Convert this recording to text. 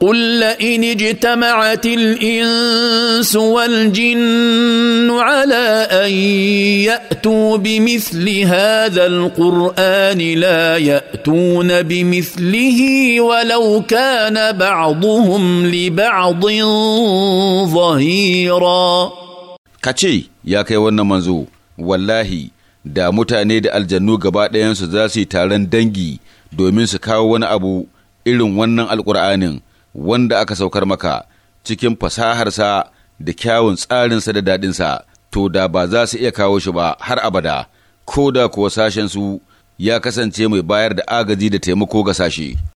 قل لئن اجتمعت الانس والجن على ان ياتوا بمثل هذا القران لا ياتون بمثله ولو كان بعضهم لبعض ظهيرا kace ya kai wannan manzo wallahi da mutane da aljannu gaba ɗayansu za su yi taron dangi domin su kawo wani abu irin wannan alƙur'anin wanda aka saukar maka cikin fasaharsa da kyawun tsarinsa da daɗinsa to da ba za su iya kawo shi ba har abada ko da kuwa sashensu ya kasance mai bayar da agaji da taimako ga sashe.